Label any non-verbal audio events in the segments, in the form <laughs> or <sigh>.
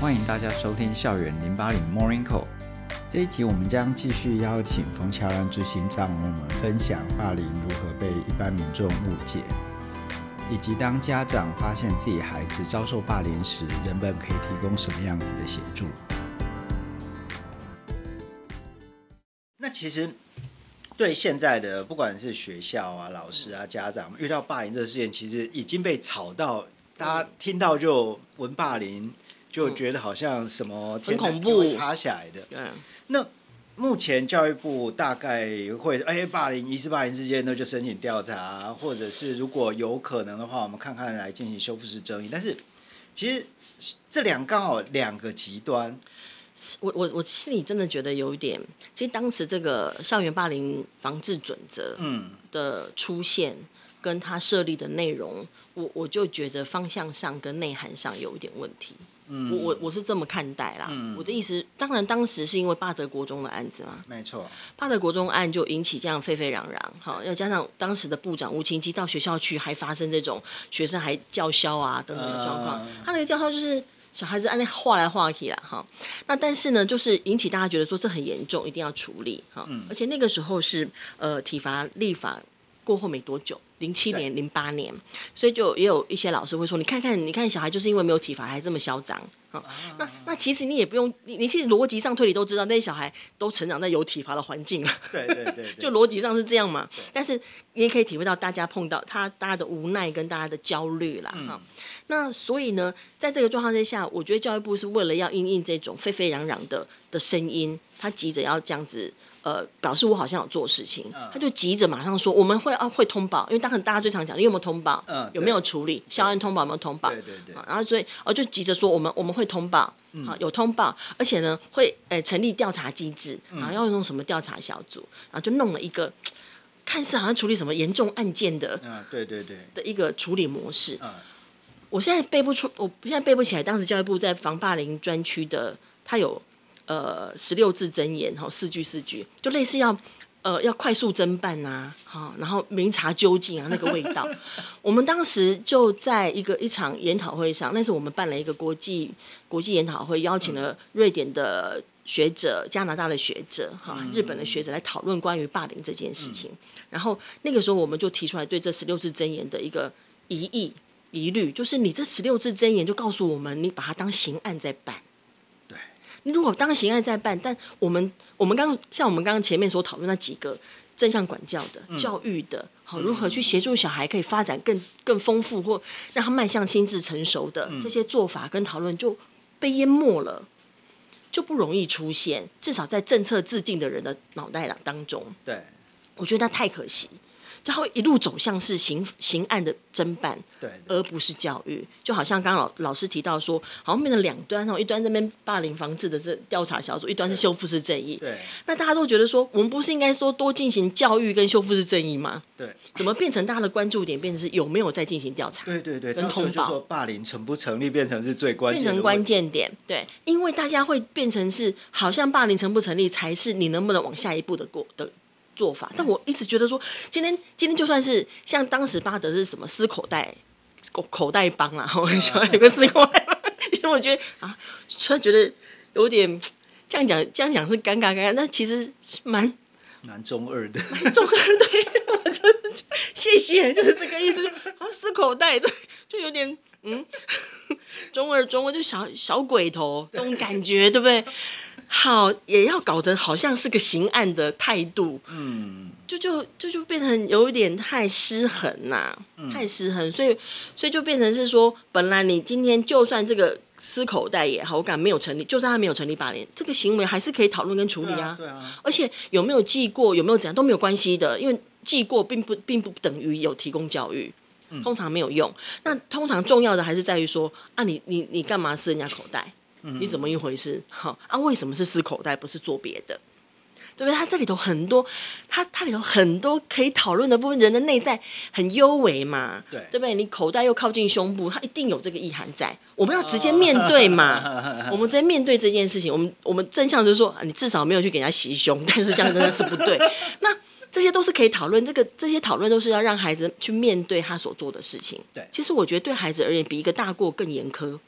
歡迎大家收聽《校園零八零 Morning Call》這一集，我們將繼續邀請馮喬蘭執行長我們分享霸凌如何被一般民眾誤解，以及當家長發現自己孩子遭受霸凌時，人本可以提供什麼樣子的協助。那其實對現在的不管是學校啊、老師啊、家長遇到霸凌這個事件，其實已經被炒到，大家聽到就聞霸凌。就覺得好像什麼天恐怖塌下來的。對、嗯。Yeah. 那目前教育部大概會，哎、欸，霸凌，疑似霸凌事件，呢，就申請調查，或者是如果有可能的話，我們看看來進行修復式爭議。但是其實這兩剛好兩個極端，我我我心裡真的覺得有一點，其實當時這個校園霸凌防治準則，嗯，的出現跟它設立的內容，我我就覺得方向上跟內涵上有一點問題。嗯、我我我是這麼看待啦、嗯，我的意思，當然當時是因為八德國中的案子嘛，沒錯，八德國中案就引起這樣沸沸揚揚，哈、哦，又加上當時的部長吳清基到學校去，還發生這種學生還叫囂啊等等的狀況、嗯，他那個叫囂就是小孩子按那畫來畫去啦，哈、哦，那但是呢，就是引起大家覺得說這很嚴重，一定要處理哈、哦嗯，而且那個時候是呃體罰立法過後沒多久。零七年、零八年，所以就也有一些老師會說：“你看看，你看小孩就是因為沒有體罰還這麼囂張。哦哦”那那其實你也不用你，你其實邏輯上推理都知道，那些小孩都成長在有體罰的環境了。對對對，對 <laughs> 就邏輯上是這樣嘛。但是也可以體會到大家碰到他，他大家的無奈跟大家的焦慮啦、嗯哦。那所以呢，在這個狀況之下，我覺得教育部是為了要因應這種沸沸揚揚的的聲音，他急着要這樣子。呃，表示我好像有做事情，uh, 他就急着馬上說我們會啊會通報，因為當然大家最常講你有沒有通報，uh, 有沒有處理，校、uh, 園通報有沒有通報，uh, 對對對、啊，然後所以我、啊、就急着說我們我們會通報、啊嗯，有通報，而且呢會誒、呃、成立調查機制，然、啊、後要用什麼調查小組、嗯，然後就弄了一個看似好像處理什麼嚴重案件的，uh, 對對對的一個處理模式，uh, 我現在背不出，我現在背不起來，當時教育部在防霸凌專區的，他有。呃，十六字真言，哈、哦，四句四句，就類似要，呃，要快速偵辦吶、啊哦，然後明察究竟啊，那個味道。 <laughs> 我們當時就在一個一場研討會上，那是我們辦了一個國際國際研討會，邀請了瑞典的學者、嗯、加拿大的學者、哈、哦嗯、日本的學者來討論關於霸凌這件事情。嗯、然後那個時候，我們就提出來對這十六字真言的一個疑義疑慮，就是你這十六字真言就告訴我們，你把它當刑案在辦。如果當刑案在辦，但我們我們剛像我們剛剛前面所討論那幾個正向管教的教育的，嗯、好如何去協助小孩可以發展更更豐富或讓他邁向心智成熟的這些做法跟討論就被淹沒了，就不容易出現，至少在政策制定的人的腦袋當中，對，我覺得那太可惜。就會一路走向是刑刑案的偵辦，對，對，而不是教育。就好像剛剛老老師提到說，好像變成兩端，哈，一端這邊霸凌防治的這調查小組，一端是修復式正義。對。那大家都覺得說，我們不是應該說多進行教育跟修復式正義嗎？對。怎麼變成大家的關注點變成是有沒有在進行調查跟？對對對。跟通報。說霸凌成不成立變成是最關鍵，變成關鍵點。對。因為大家會變成是，好像霸凌成不成立才是你能不能往下一步的過。的做法，但我一直覺得說，今天今天就算是像當時巴德是什麼撕口袋，口，口袋幫啊，然後小有個撕口袋，因、啊、為 <laughs> 我覺得啊，突然覺得有點這樣講，這樣講是尷尬尷尬，但其實是蠻蠻中二的，蠻中二的，我 <laughs> 就 <laughs> 謝謝，就是這個意思，啊，撕口袋這就有點嗯，中二中二，就小小鬼頭這種感覺，對不對？好，也要搞得好像是個刑案的態度，嗯，就就就就變成有點太失衡吶、啊嗯，太失衡，所以所以就變成是說，本來你今天就算這個撕口袋也好，我敢沒有成立，就算他沒有成立霸凌，這個行為還是可以討論跟處理啊。對啊，對啊，而且有沒有記過，有沒有怎樣都沒有關係的，因為記過並不並不等於有提供教育，通常沒有用。嗯、那通常重要的還是在於說，啊你，你你你幹嘛撕人家口袋？你怎麼一回事？哈啊，為什麼是撕口袋，不是做別的？對不對？他這裡頭很多，他他裡頭很多可以討論的部分。人的內在很幽微嘛對，對不對？你口袋又靠近胸部，他一定有這個意涵在。我們要直接面對嘛？哦、 <laughs> 我們直接面對這件事情。我們我們真相就是說、啊，你至少沒有去給人家襲胸，但是這樣真的是不對。 <laughs> 那這些都是可以討論，這個這些討論都是要讓孩子去面對他所做的事情。對，其實我覺得對孩子而言，比一個大過更嚴苛。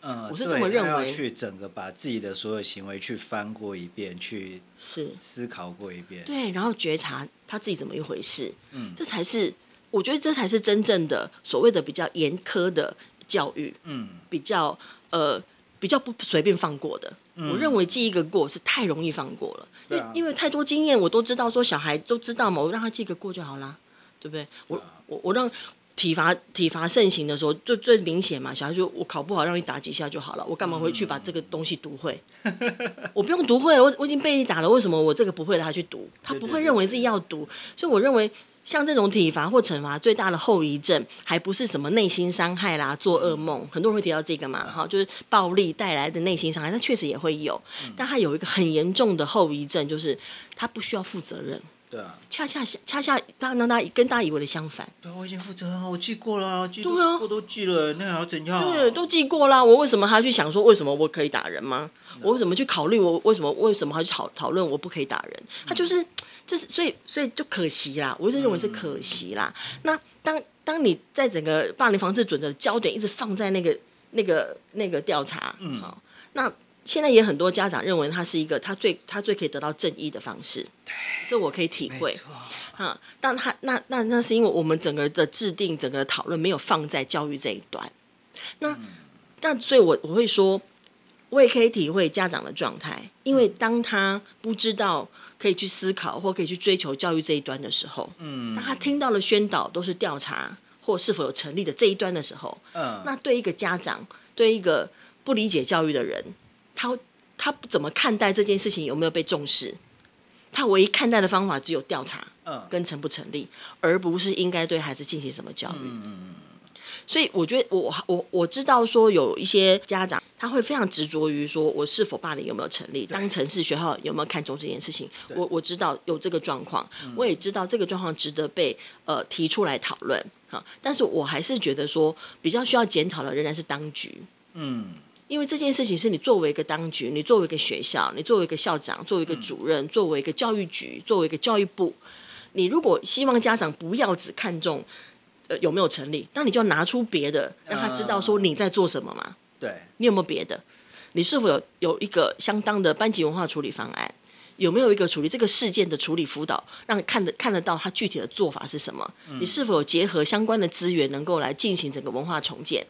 我是這麼認為，要去整個把自己的所有行為去翻過一遍，去是思考過一遍，對，然後覺察他自己怎麼一回事，嗯，這才是我覺得這才是真正的所謂的比較嚴苛的教育，嗯，比較呃比較不隨便放過的、嗯，我認為記一個過是太容易放過了，嗯、因為因為太多經驗我都知道，說小孩都知道嘛，我讓他記個過就好啦，對不對？嗯、我我我讓。體罰體罰盛行的時候，就最明顯嘛。小孩說：“我考不好，讓你打幾下就好了。我幹嘛回去把這個東西讀會？ <laughs> 我不用讀會了，我我已經被你打了。為什麼我這個不會？讓他去讀，他不會認為自己要讀。所以我認為，像這種體罰或懲罰，最大的後遺症還不是什麼內心傷害啦、做噩夢。嗯、很多人會提到這個嘛，哈，就是暴力帶來的內心傷害，那確實也會有。但他有一個很嚴重的後遺症，就是他不需要負責任。對啊，恰恰恰恰當當大家跟大家以為的相反。對、啊、我已經負責了，我記過了，記都、啊、過都記了，那個、還要怎樣、啊？對，都記過了，我為什麼還要去想說為什麼我可以打人嗎？啊、我為什麼去考慮我為什麼為什麼還要去討討論我不可以打人？嗯、他就是就是所以所以就可惜啦，我一直認為是可惜啦。嗯、那當當你在整個霸凌防治準則焦點一直放在那個那個那個調查，嗯，好、哦，那。現在也很多家長認為他是一個他最他最可以得到正義的方式，這我可以體會。哈、啊，但他那那那是因為我們整個的制定整個的討論沒有放在教育這一端。那那、嗯、所以我，我我會說，我也可以體會家長的狀態，因為當他不知道可以去思考或可以去追求教育這一端的時候，嗯，當他聽到了宣導都是調查或是否有成立的這一端的時候，嗯，那對一個家長，對一個不理解教育的人。他他不怎麼看待這件事情有沒有被重視？他唯一看待的方法只有調查，跟成不成立，而不是應該對孩子進行什麼教育。嗯、所以我覺得我我我知道說有一些家長他會非常執着於說，我是否霸凌有沒有成立，當成是學校有沒有看重這件事情？我我知道有這個狀況、嗯，我也知道這個狀況值得被呃提出來討論哈、啊。但是我還是覺得說比較需要檢討的仍然是當局。嗯。因為這件事情是你作為一個當局，你作為一個學校，你作為一個校長，作為一個主任，嗯、作為一個教育局，作為一個教育部，你如果希望家長不要只看重呃有沒有成立，那你就要拿出別的讓他知道說你在做什麼嘛？對、呃，你有沒有別的？你是否有有一個相當的班級文化處理方案？有沒有一個處理這個事件的處理輔導，讓看得看得到他具體的做法是什麼、嗯？你是否有結合相關的資源，能夠來進行整個文化重建？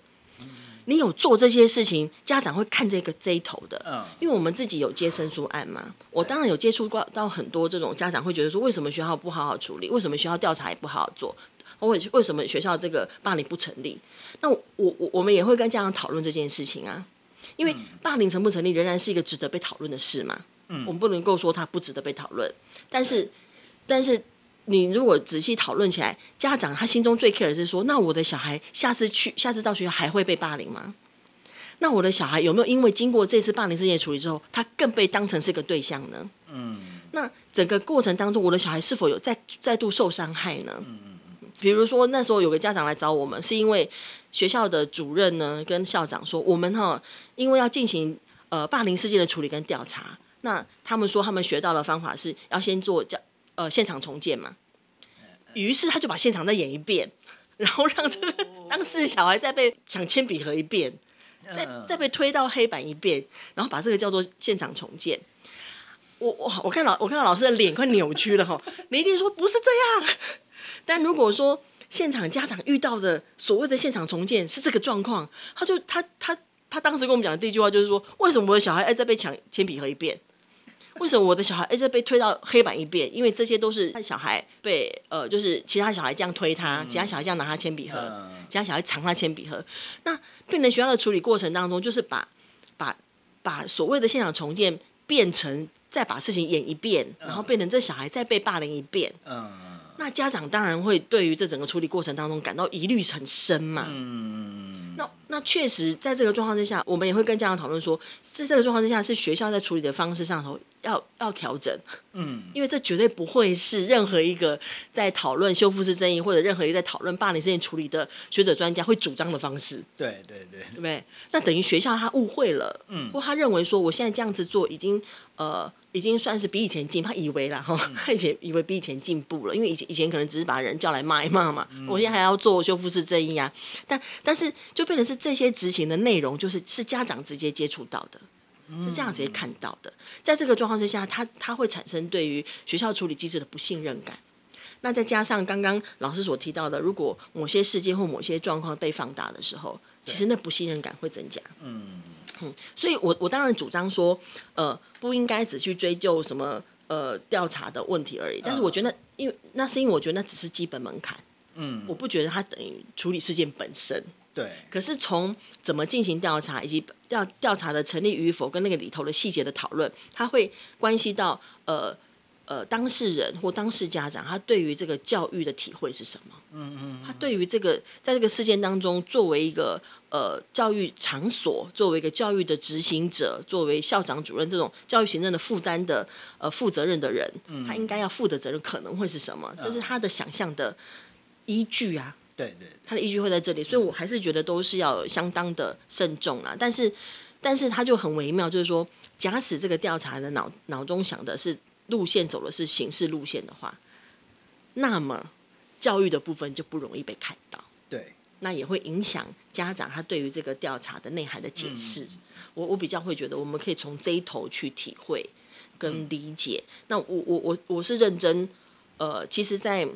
你有做這些事情，家長會看這個這一頭的，因為我們自己有接申訴案嘛、嗯，我當然有接觸過到很多這種家長會覺得說，為什麼學校不好好處理？為什麼學校調查也不好好做？為為什麼學校這個霸凌不成立？那我我我們也會跟家長討論這件事情啊，因為霸凌成不成立仍然是一個值得被討論的事嘛，嗯、我們不能夠說它不值得被討論，但是，但是。你如果仔細討論起來，家長他心中最 care 的是說：那我的小孩下次去，下次到學校還會被霸凌嗎？那我的小孩有沒有因為經過這次霸凌事件處理之後，他更被當成是個對象呢？嗯。那整個過程當中，我的小孩是否有再再度受傷害呢？嗯，比如說那時候有個家長來找我們，是因為學校的主任呢跟校長說，我們哈因為要進行呃霸凌事件的處理跟調查，那他們說他們學到的方法是要先做教。呃，現場重建嘛，於是他就把現場再演一遍，然後讓這個當事小孩再被搶鉛筆盒一遍，再再被推到黑板一遍，然後把這個叫做現場重建。我我我看老我看到老師的臉快扭曲了哈，你一 <laughs> 定說不是這樣，但如果說現場家長遇到的所謂的現場重建是這個狀況，他就他他他當時跟我們講的第一句話就是說，為什麼我的小孩哎在被搶鉛筆盒一遍？為什麼我的小孩一直被推到黑板一遍？因為這些都是他小孩被呃，就是其他小孩這樣推他，其他小孩這樣拿他鉛筆盒，其他小孩藏他鉛筆盒。那變成學校的處理過程當中，就是把把把所謂的現場重建變成再把事情演一遍，然後變成這小孩再被霸凌一遍。嗯。那家長當然會對於這整個處理過程當中感到疑慮很深嘛。嗯。那那確實在這個狀況之下，我們也會跟家長討論說，在這個狀況之下，是學校在處理的方式上頭要要調整。嗯。因為這絕對不會是任何一個在討論修復式正義或者任何一個在討論霸凌事件處理的學者專家會主張的方式。對對對。對不對？那等於學校他誤會了。嗯。或他認為說，我現在這樣子做已經呃。已經算是比以前進，他以為了哈，以前以為比以前進步了，因為以前以前可能只是把人叫來罵一罵嘛，我現在還要做修復式正義啊，但但是就變成是這些執行的內容，就是是家長直接接觸到的，是這樣直接看到的，在這個狀況之下，他他會產生對於學校處理機制的不信任感。那再加上剛剛老師所提到的，如果某些事件或某些狀況被放大的時候，其實那不信任感會增加。嗯，嗯，所以我我當然主張說，呃，不應該只去追究什麼呃調查的問題而已。但是我覺得，啊、因為那是因為我覺得那只是基本門檻。嗯，我不覺得它等於處理事件本身。對。可是從怎麼進行調查以及調調查的成立與否，跟那個裡頭的細節的討論，它會關係到呃。呃，當事人或當事家長，他對於這個教育的體會是什麼？嗯嗯。他對於這個，在這個事件當中，作為一個呃教育場所，作為一個教育的執行者，作為校長主任這種教育行政的負擔的呃負責任的人，他應該要負的責任可能會是什麼？這是他的想象的依據啊。對對。他的依據會在這裡，所以我還是覺得都是要相當的慎重啊。但是，但是他就很微妙，就是說，假使這個調查的腦腦中想的是。路線走的是刑事路線的話，那麼教育的部分就不容易被看到。對，那也會影響家長他對於這個調查的內涵的解釋。嗯，我我比較會覺得，我們可以從這一頭去體會跟理解。嗯、那我我我我是認真。呃，其實在，在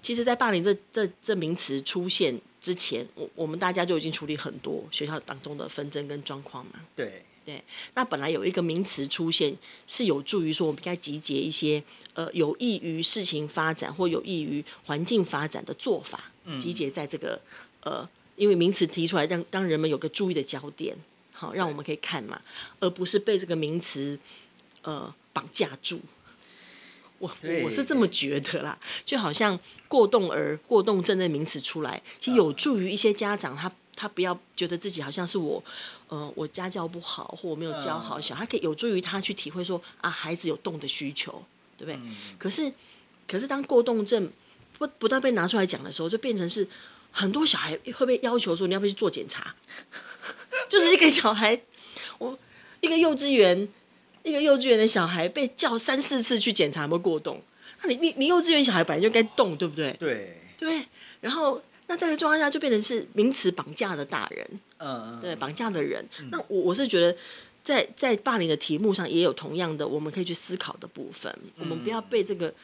其實，在霸凌這這這名詞出現之前，我我們大家就已經處理很多學校當中的紛爭跟狀況嘛。對。對，那本來有一個名詞出現，是有助於說我們應該集結一些呃有益於事情發展或有益於環境發展的做法，集結在這個呃，因為名詞提出來讓，讓讓人們有個注意的焦點，好、哦，讓我們可以看嘛，而不是被這個名詞呃綁架住。我我是這麼覺得啦，就好像過動兒、過動症的名詞出來，其實有助於一些家長他。他不要覺得自己好像是我，呃，我家教不好，或我沒有教好小孩，可以有助於他去體會說啊，孩子有動的需求，對不對？嗯、可是，可是當過動症不不斷被拿出來講的時候，就變成是很多小孩會被要求說你要不要去做檢查？ <laughs> 就是一個小孩，我一個幼稚園，一個幼稚園的小孩被叫三四次去檢查，有沒有過動？那你你你幼稚園小孩本來就該動，對、哦、對不對？對對，然後。那這個狀況下就變成是名詞綁架的大人，呃、嗯，對，綁架的人。嗯、那我我是覺得在，在在霸凌的題目上也有同樣的，我們可以去思考的部分。嗯、我們不要被這個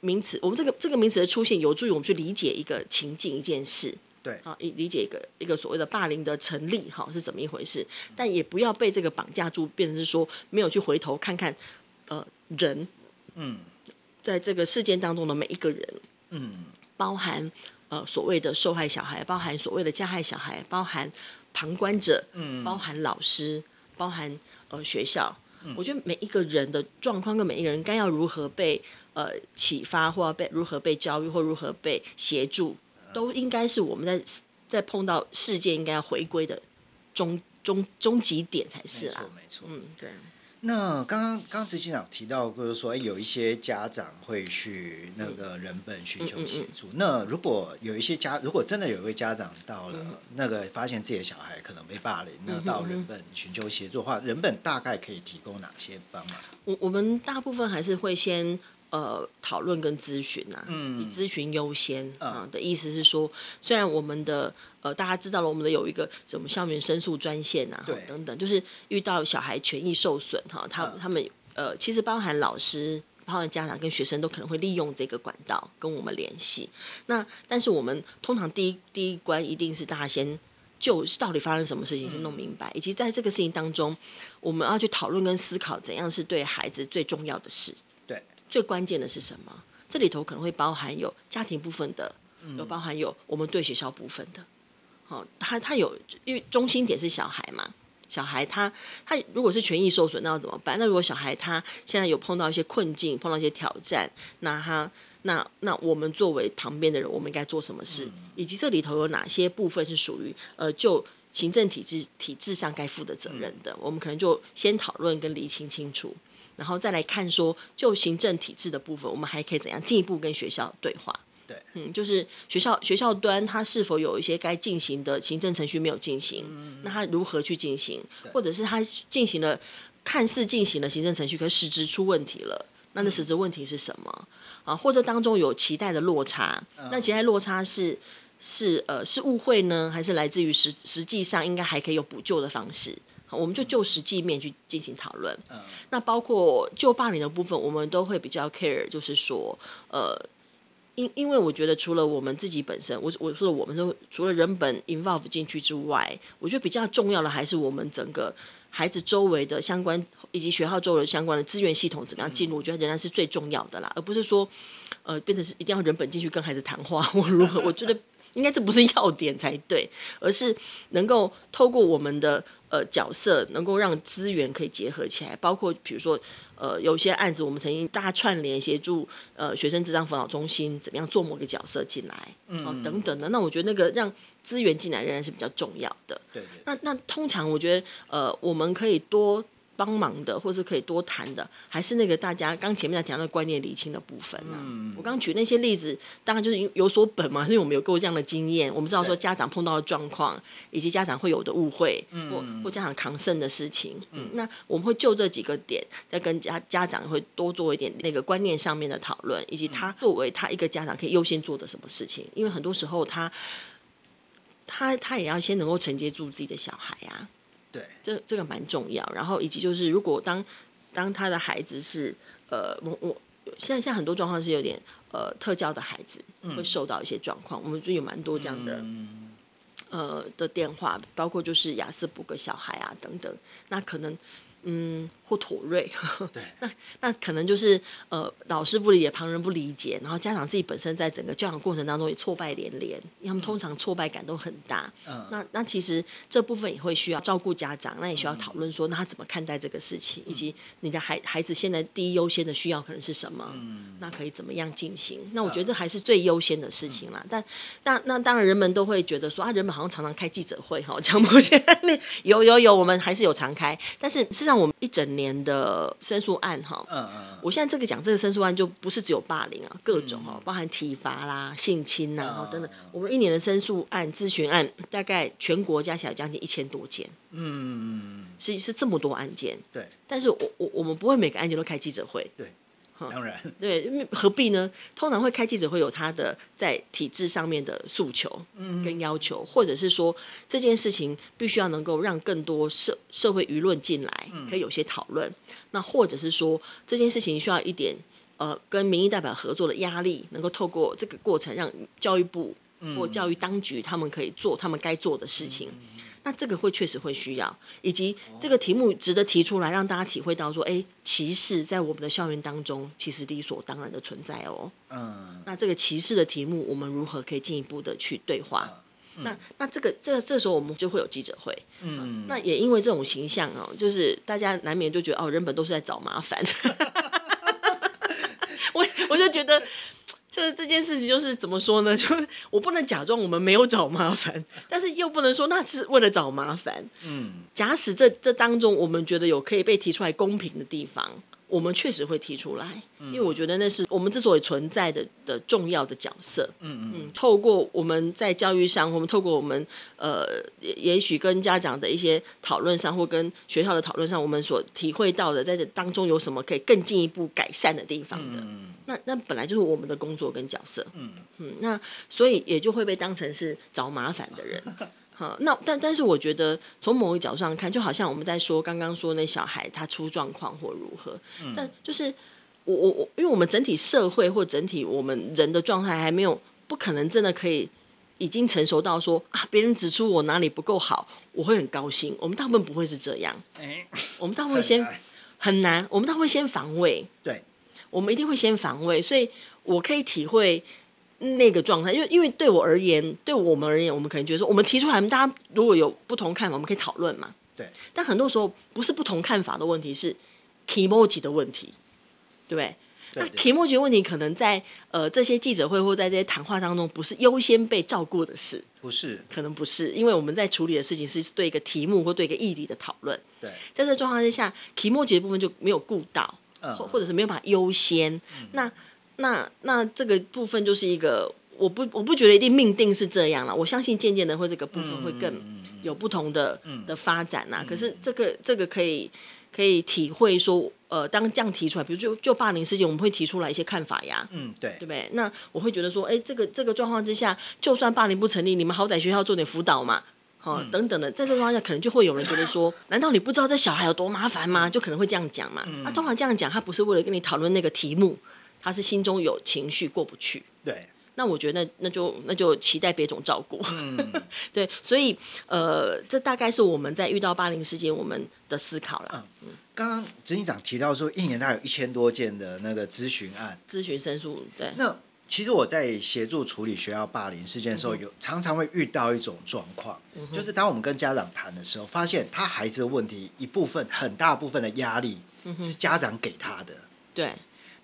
名詞，我們這個這個名詞的出現有助於我們去理解一個情境，一件事，對啊，理解一個一個所謂的霸凌的成立哈、啊、是怎麼一回事，但也不要被這個綁架住，變成是說沒有去回頭看看呃人，嗯，在這個事件當中的每一個人，嗯，包含。呃，所謂的受害小孩，包含所謂的加害小孩，包含旁觀者，嗯、包含老師，包含呃學校、嗯。我覺得每一個人的狀況跟每一個人該要如何被呃啟發，或要被如何被教育，或如何被協助，都應該是我們在在碰到事件應該要回歸的終終終、終極點才是啦、啊。沒錯，沒錯，嗯，對。那剛剛剛剛執行長提到，就是說、欸、有一些家長會去那個人本尋求協助、嗯嗯嗯嗯。那如果有一些家，如果真的有一位家長到了那個發現自己的小孩可能被霸凌，那到人本尋求協助的話、嗯嗯嗯，人本大概可以提供哪些幫忙？我我們大部分還是會先。呃，討論跟諮詢啊，以諮詢優先啊、嗯呃、的意思是說，雖然我們的呃大家知道了，我們的有一個什麼校園申訴專線啊，對，等等，就是遇到小孩權益受損哈，他他們呃，其實包含老師、包含家長跟學生都可能會利用這個管道跟我們聯繫。那但是我們通常第一第一關一定是大家先就到底發生什麼事情先弄明白、嗯，以及在這個事情當中，我們要去討論跟思考怎樣是對孩子最重要的事。最關鍵的是什麼？這裡頭可能會包含有家庭部分的，有包含有我們對學校部分的。好，哦，他他有，因為中心點是小孩嘛，小孩他他如果是權益受損，那要怎麼辦？那如果小孩他現在有碰到一些困境，碰到一些挑戰，那他那那我們作為旁邊的人，我們應該做什麼事？以及這裡頭有哪些部分是屬於呃就行政體制體制上該負的責任的？我們可能就先討論跟釐清清楚。然後再來看說，就行政體製的部分，我們還可以怎樣進一步跟學校對話？對，嗯，就是學校學校端，它是否有一些該進行的行政程序沒有進行？嗯，那它如何去進行？或者是它進行了看似進行了行政程序，可實質出問題了？那那實質問題是什麼？啊，或者當中有期待的落差？那期待落差是是呃是誤會呢，還是來自於實實際上應該還可以有補救的方式？我們就就實際面去進行討論。Mm -hmm. 那包括就霸凌的部分，我們都會比較 care，就是說，呃，因因為我覺得除了我們自己本身，我我說我們說除了人本 involve 進去之外，我覺得比較重要的還是我們整個孩子周圍的相關以及學校周圍相關的資源系統怎麼樣進入，mm -hmm. 我覺得仍然是最重要的啦，而不是說，呃，變成是一定要人本進去跟孩子談話，我如何？我覺得。 <laughs> 應該這不是要點才對，而是能夠透過我們的呃角色，能夠讓資源可以結合起來，包括比如說呃有些案子，我們曾經大串聯協助呃學生輔導諮商中心怎麼樣做某個角色進來，嗯，哦、等等的。那我覺得那個讓資源進來仍然是比較重要的。對，對，對。那那通常我覺得呃我們可以多。幫忙的，或者是可以多談的，還是那個大家剛前面在提到的觀念釐清的部分呢、啊嗯？我剛舉那些例子，當然就是有所本嘛，是因為我們有過這樣的經驗，我們知道說家長碰到的狀況，以及家長會有的誤會，嗯、或或家長扛勝的事情、嗯。那我們會就這幾個點，再跟家家長會多做一點那個觀念上面的討論，以及他作為他一個家長可以優先做的什麼事情。因為很多時候他，他他他也要先能夠承接住自己的小孩呀、啊。對，這這個蠻重要，然後以及就是，如果當當他的孩子是呃，我我現在現在很多狀況是有點呃，特教的孩子會受到一些狀況，嗯、我們就有蠻多這樣的、嗯、呃的電話，包括就是亞斯伯格小孩啊等等，那可能嗯。或妥瑞， <laughs> 對，那那可能就是呃，老師不理解，旁人不理解，然後家長自己本身在整個教養過程當中也挫敗連連，因為他們通常挫敗感都很大。嗯，那那其實這部分也會需要照顧家長，那也需要討論說，那他怎麼看待這個事情，嗯、以及你的孩孩子現在第一優先的需要可能是什麼？嗯，那可以怎麼樣進行？那我覺得這還是最優先的事情啦。嗯、但但那，那當然，人們都會覺得說啊，人本好像常常開記者會哈，講目前有有有，我們還是有常開，但是實際上我們一整年年的申訴案哈、嗯嗯，我現在這個講這個申訴案就不是只有霸凌啊，各種哈、啊嗯，包含體罰啦、性侵啊、嗯、等等。我們一年的申訴案、諮詢案大概全國加起來將近一千多件，嗯嗯嗯，是是這麼多案件，對。但是我我我們不會每個案件都開記者會，對。當然、嗯，對，何必呢？通常會開記者會有他的在體制上面的訴求跟要求，或者是說這件事情必須要能夠讓更多社社會輿論進來，可以有些討論。嗯、那或者是說這件事情需要一點呃跟民意代表合作的壓力，能夠透過這個過程讓教育部。嗯、或教育當局，他們可以做他們該做的事情，嗯。那這個會確實會需要，以及這個題目值得提出來，讓大家體會到說，誒，歧視在我們的校園當中其實理所當然的存在哦。嗯。那這個歧視的題目，我們如何可以進一步的去對話？嗯、那那這個這這時候我們就會有記者會，嗯。嗯。那也因為這種形象哦，就是大家難免就覺得哦，人本都是在找麻煩。 <laughs> 我我就覺得。 <laughs> 就是這件事情，就是怎麼說呢？就我不能假裝我們沒有找麻煩，但是又不能說那是為了找麻煩。嗯，假使這這當中，我們覺得有可以被提出來公平的地方。我們確實會提出來，因為我覺得那是我們之所以存在的的重要的角色。嗯嗯，透過我們在教育上，我們透過我們呃，也許跟家長的一些討論上，或跟學校的討論上，我們所體會到的，在這當中有什麼可以更進一步改善的地方的。那那本來就是我們的工作跟角色。嗯嗯，那所以也就會被當成是找麻煩的人。 <laughs> 那但但是我覺得從某一角度上看，就好像我們在說剛剛說那小孩他出狀況或如何、嗯，但就是我我我，因為我們整體社會或整體我們人的狀態還沒有，不可能真的可以已經成熟到說啊，別人指出我哪裡不夠好，我會很高興。我們大部分不會是這樣，欸、我們都會先很難，很難，我們都會先防衛，對，我們一定會先防衛。所以我可以體會。那個狀態，因為因為對我而言，對我們而言，我們可能覺得說，我們提出來，大家如果有不同看法，我們可以討論嘛。對。但很多時候不是不同看法的問題，是 kimochi 的問題，對不對？對，那 kimochi 的問題可能在呃這些記者會或在這些談話當中，不是優先被照顧的事。不是，可能不是，因為我們在處理的事情是對一個題目或對一個議題的討論。對。在這狀況之下 kimochi 的部分就沒有顧到，或、嗯、或者是沒有辦法優先、嗯。那。那那這個部分就是一個，我不我不覺得一定命定是這樣了。我相信漸漸的會這個部分會更有不同的、嗯、的發展吶、嗯。可是這個這個可以可以體會說，呃，當這樣提出來，比如就就霸凌事件，我們會提出來一些看法呀。嗯，對，對不對？那我會覺得說，哎、欸，這個這個狀況之下，就算霸凌不成立，你們好歹學校做點輔導嘛，好、嗯、等等的。在這種狀況下，可能就會有人覺得說、嗯，難道你不知道這小孩有多麻煩嗎？就可能會這樣講嘛。那、嗯啊、通常這樣講，他不是為了跟你討論那個題目。他是心中有情緒過不去，對。那我覺得那就那就期待別種照顧，嗯、 <laughs> 對。所以呃，這大概是我們在遇到霸凌事件我們的思考了。嗯，剛剛執行長提到說，嗯、一年大概有一千多件的那個諮詢案，諮詢申訴。對。那其實我在協助處理學校霸凌事件的時候，嗯、有常常會遇到一種狀況，嗯，就是當我們跟家長談的時候，發現他孩子的問題一部分很大部分的壓力、嗯、是家長給他的。對。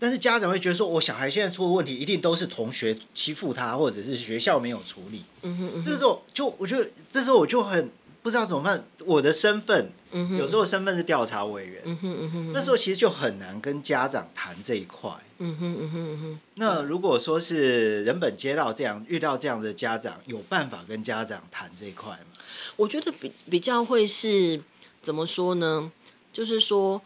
但是家長會覺得說，我小孩現在出的問題，一定都是同學欺負他，或者是學校沒有處理。嗯哼嗯哼，這時候就我就，這時候我就很不知道怎麼辦。我的身份、嗯，有時候身份是調查委員。嗯哼嗯哼嗯哼，那時候其實就很難跟家長談這一塊。嗯哼嗯哼嗯哼，那如果說是人本接到這樣、遇到這樣的家長，有辦法跟家長談這一塊嗎？我覺得比比較會是怎麼說呢？就是說。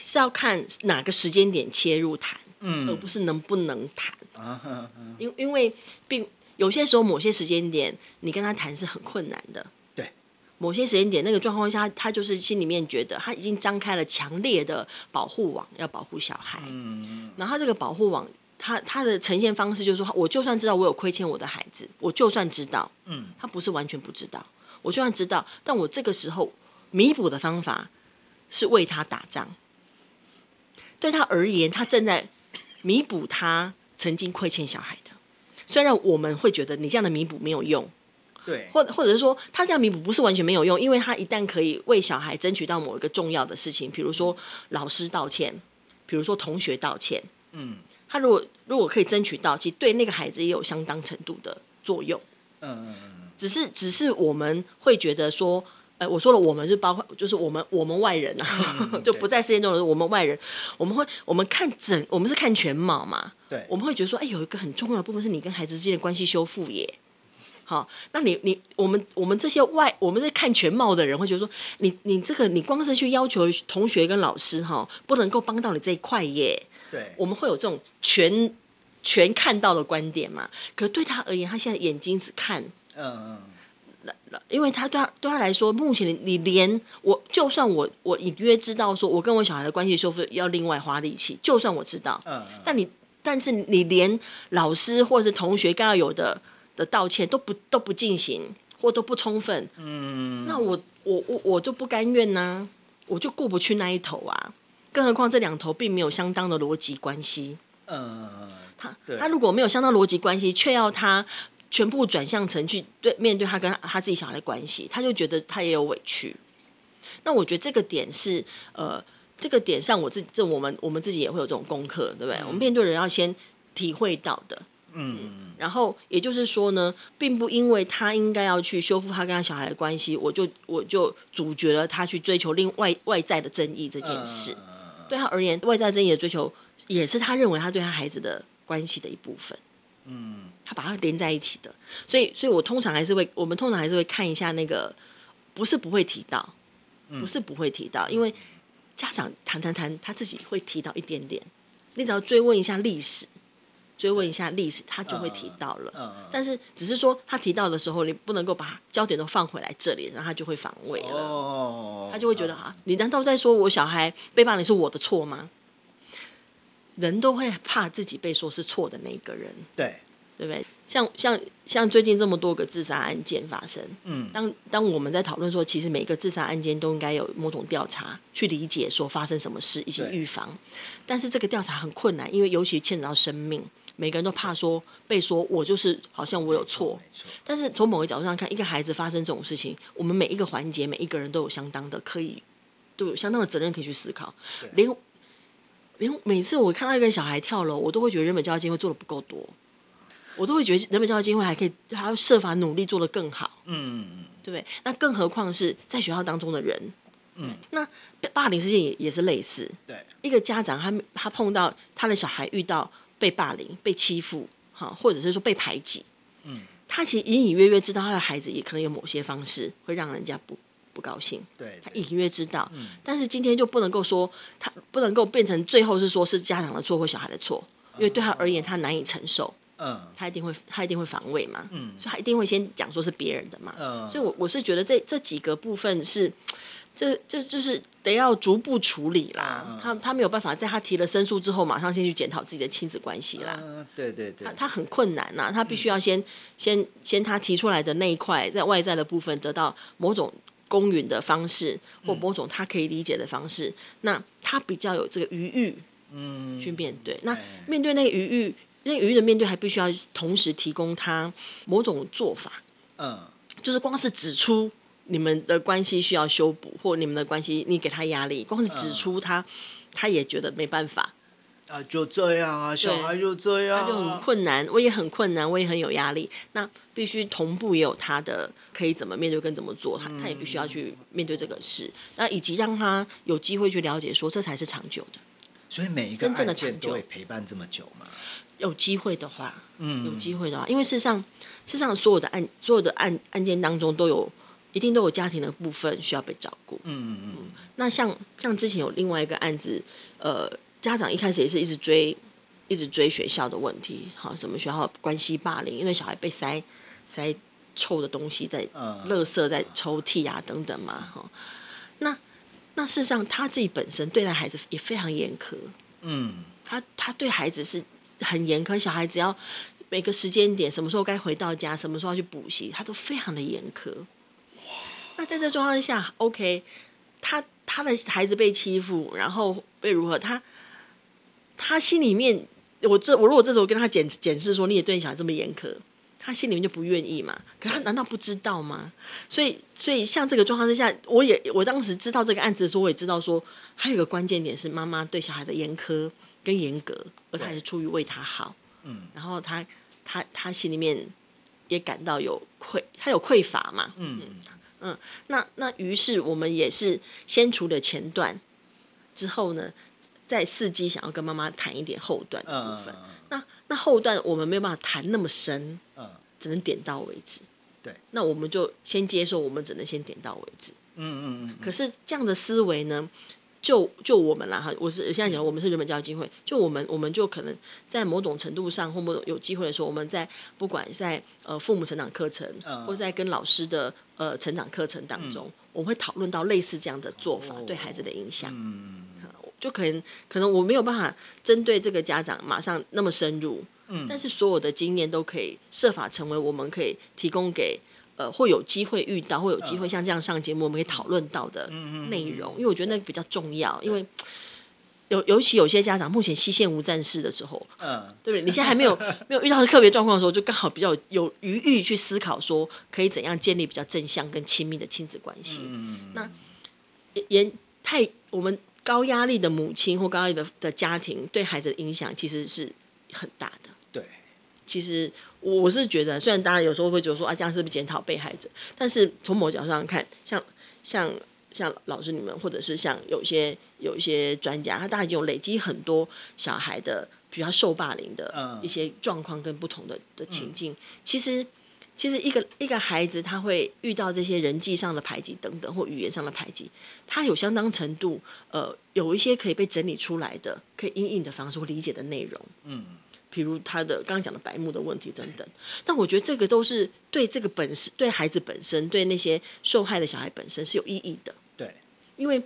是要看哪個時間點切入談，嗯，而不是能不能談。嗯，因因為並有些時候某些時間點，你跟他談是很困難的。對，某些時間點那個狀況下他，他就是心裡面覺得他已經張開了強烈的保護網，要保護小孩。嗯，然後他這個保護網，他他的呈現方式就是說，我就算知道我有虧欠我的孩子，我就算知道，嗯，他不是完全不知道，我就算知道，但我這個時候彌補的方法是為他打仗。對他而言，他正在彌補他曾經虧欠小孩的。雖然我們會覺得你這樣的彌補沒有用，對，或或者是說他這樣彌補不是完全沒有用，因為他一旦可以為小孩爭取到某一個重要的事情，比如說老師道歉，比如說同學道歉，嗯，他如果如果可以爭取到，其實對那個孩子也有相當程度的作用。嗯嗯嗯，只是只是我們會覺得說。我說了，我們是包括，就是我們我們外人啊，嗯、 <laughs> 就不在事件中的我們外人，我們會我們看整，我們是看全貌嘛。對，我們會覺得說，哎，有一個很重要的部分是你跟孩子之間的關係修復耶。好，那你你我們我們這些外，我們是看全貌的人會覺得說，你你這個你光是去要求同學跟老師哈、哦，不能夠幫到你這一塊耶。對，我們會有這種全全看到的觀點嘛。可是對他而言，他現在眼睛只看，嗯嗯。因為他對他對他來說，目前你連我，就算我我隱約知道，說我跟我小孩的關係修復要另外花力氣，就算我知道，嗯，但你，但是你連老師或者是同學、該要有的的道歉都不都不進行，或都不充分，嗯，那我我我我就不甘願呢、啊，我就過不去那一頭啊，更何況這兩頭並沒有相當的邏輯關係，嗯，他他如果沒有相當邏輯關係，卻要他。全部轉向成去對面對他跟他自己小孩的關係，他就覺得他也有委屈。那我覺得這個點是，呃，這個點上，我自己這我們我們自己也會有這種功課，對不對？我們面對人要先體會到的。嗯。嗯。然後也就是說呢，並不因為他應該要去修復他跟他小孩的關係，我就我就阻絕了他去追求另外外在的爭議這件事。呃。對他而言，外在爭議的追求也是他認為他對他孩子的關係的一部分。嗯。他把它連在一起的，所以，所以我通常還是會，我們通常還是會看一下那個，不是不會提到，不是不會提到，嗯、因為家長談談談，他自己會提到一點點，你只要追問一下歷史，追問一下歷史，他就會提到了。呃、但是只是說他提到的時候，你不能夠把焦點都放回來這裡，然後他就會防衛了、哦。他就會覺得啊、哦，你難道在說我小孩被霸凌是我的錯嗎？人都會怕自己被說是錯的那個人。對。對不對？像像像最近這麼多個自殺案件發生，嗯，當當我們在討論說，其實每個自殺案件都應該有某種調查，去理解說發生什麼事以及預防。但是這個調查很困難，因為尤其牽扯到生命，每個人都怕說、嗯、被說我就是好像我有錯。錯錯但是從某個角度上看，一個孩子發生這種事情，我們每一個環節每一個人都有相當的可以都有相當的責任可以去思考。連連每次我看到一個小孩跳樓，我都會覺得人本教育基金會做得不夠多。我都會覺得，人本教育基金會還可以，還要設法努力做得更好。嗯，對不對？那更何況是在學校當中的人，嗯，那霸凌事件也也是類似。對、嗯，一個家長他他碰到他的小孩遇到被霸凌、被欺負，哈，或者是說被排擠，嗯，他其實隱隱約約知道他的孩子也可能有某些方式會讓人家不不高興。對，他隱約知道。嗯，但是今天就不能夠說、嗯、他不能夠變成最後是說是家長的錯或小孩的錯，嗯、因為對他而言他難以承受。嗯、uh,，他一定會他一定會防衛嘛、嗯，所以他一定會先講說是別人的嘛，uh, 所以我我是覺得這這幾個部分是這這就是得要逐步處理啦。Uh, 他他沒有辦法在他提了申訴之後，馬上先去檢討自己的親子關係啦。嗯、uh,，對對對，他他很困難吶，他必須要先、嗯、先先他提出來的那一塊在外在的部分得到某種公允的方式、嗯、或某種他可以理解的方式，那他比較有這個餘裕，嗯，去面對那面對那個餘裕。因為愚的面對還必須要同時提供他某種做法，嗯，就是光是指出你們的關係需要修補，或你們的關係你給他壓力，光是指出他，嗯、他也覺得沒辦法。啊，就這樣啊，小孩就這樣、啊，他就很困難，我也很困難，我也很有壓力。那必須同步也有他的可以怎麼面對跟怎麼做他，他、嗯、他也必須要去面對這個事，那以及讓他有機會去了解說，說這才是長久的。所以每一個人都會陪伴這麼久嗎？有機會的話，嗯，有機會的話，因為事實上，事實上，所有的案，所有的案案件當中，都有一定都有家庭的部分需要被照顧，嗯嗯嗯。那像像之前有另外一個案子，呃，家長一開始也是一直追，一直追學校的問題，哈，什麼學校關係霸凌，因為小孩被塞塞臭的東西在，嗯，垃圾在抽屜啊等等嘛，哈。那那事實上他自己本身對待孩子也非常嚴苛，嗯，他他對孩子是。很嚴苛，小孩只要每個時間點什麼時候該回到家，什麼時候要去補習，他都非常的嚴苛。那在這狀況之下，OK，他他的孩子被欺負，然後被如何？他他心裡面，我這我如果這時候跟他解解釋說，你也對你小孩這麼嚴苛，他心裡面就不願意嘛。可他難道不知道嗎？所以所以像這個狀況之下，我也我當時知道這個案子的時候，我也知道說，還有個關鍵點是媽媽對小孩的嚴苛。更嚴格，而他也是出於為他好。嗯，然後他他他心裡面也感到有匱，他有匱乏嘛。嗯嗯，嗯那那於是我們也是先除了前段之後呢，再伺機想要跟媽媽談一點後段的部分。呃、那那後段我們沒有辦法談那麼深，嗯、呃，只能點到為止。對，那我們就先接受，我們只能先點到為止。嗯嗯，嗯，嗯。可是這樣的思維呢？就就我們啦哈，我是現在講我們是人本教育基金會。就我們，我們就可能在某種程度上，或某種有機會的時候，我們在不管在呃父母成長課程，或在跟老師的呃成長課程當中、嗯，我們會討論到類似這樣的做法、哦、對孩子的影響。嗯就可能可能我沒有辦法針對這個家長馬上那麼深入。嗯。但是所有的經驗都可以設法成為我們可以提供給。呃，會有機會遇到，會有機會像這樣上節目，我們可以討論到的內容、嗯嗯嗯嗯，因為我覺得那比較重要。嗯、因為尤尤其有些家長目前西線無戰事的時候，嗯，對不對？你現在還沒有沒有遇到特別狀況的時候，就剛好比較有餘裕去思考，說可以怎樣建立比較正向跟親密的親子關係、嗯。那也太我們高壓力的母親或高壓力的的家庭對孩子的影響其實是很大的。其實我是覺得，雖然大家有時候會覺得說啊，這樣是不是檢討被害者？但是從某角度上看，像像像老師你們，或者是像有一些有一些專家，他大概有累積很多小孩的比較受霸凌的一些狀況跟不同的的情境。Uh, 其實其實一個一個孩子，他會遇到這些人際上的排擠等等，或語言上的排擠，他有相當程度呃，有一些可以被整理出來的、可以因應的方式或理解的內容。嗯、uh,。譬如他的剛剛講的白目的問題等等，但我覺得這個都是對這個本身對孩子本身對那些受害的小孩本身是有意義的。對，因為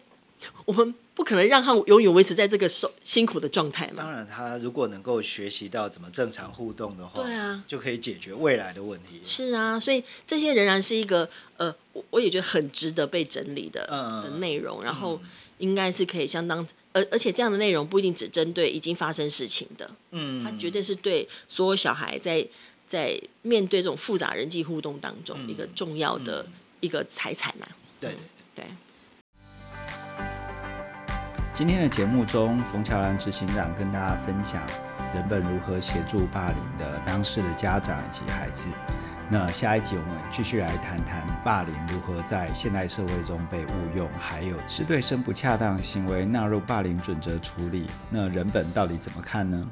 我們不可能讓他永遠維持在這個受辛苦的狀態嘛。當然，他如果能夠學習到怎麼正常互動的話、嗯，對啊，就可以解決未來的問題。是啊，所以這些仍然是一個呃，我我也覺得很值得被整理的、嗯、的內容，然後。嗯應該是可以相當，而而且這樣的內容不一定只針對已經發生事情的，嗯，它絕對是對所有小孩在在面對這種複雜人際互動當中一個重要的一個財產吶、啊嗯嗯。對對。今天的節目中，馮喬蘭執行長跟大家分享人本如何協助霸凌的當事的家長以及孩子。那下一集我們繼續來談談霸凌如何在現代社會中被誤用，還有師對生不恰當行為納入霸凌準則處理，那人本到底怎麼看呢？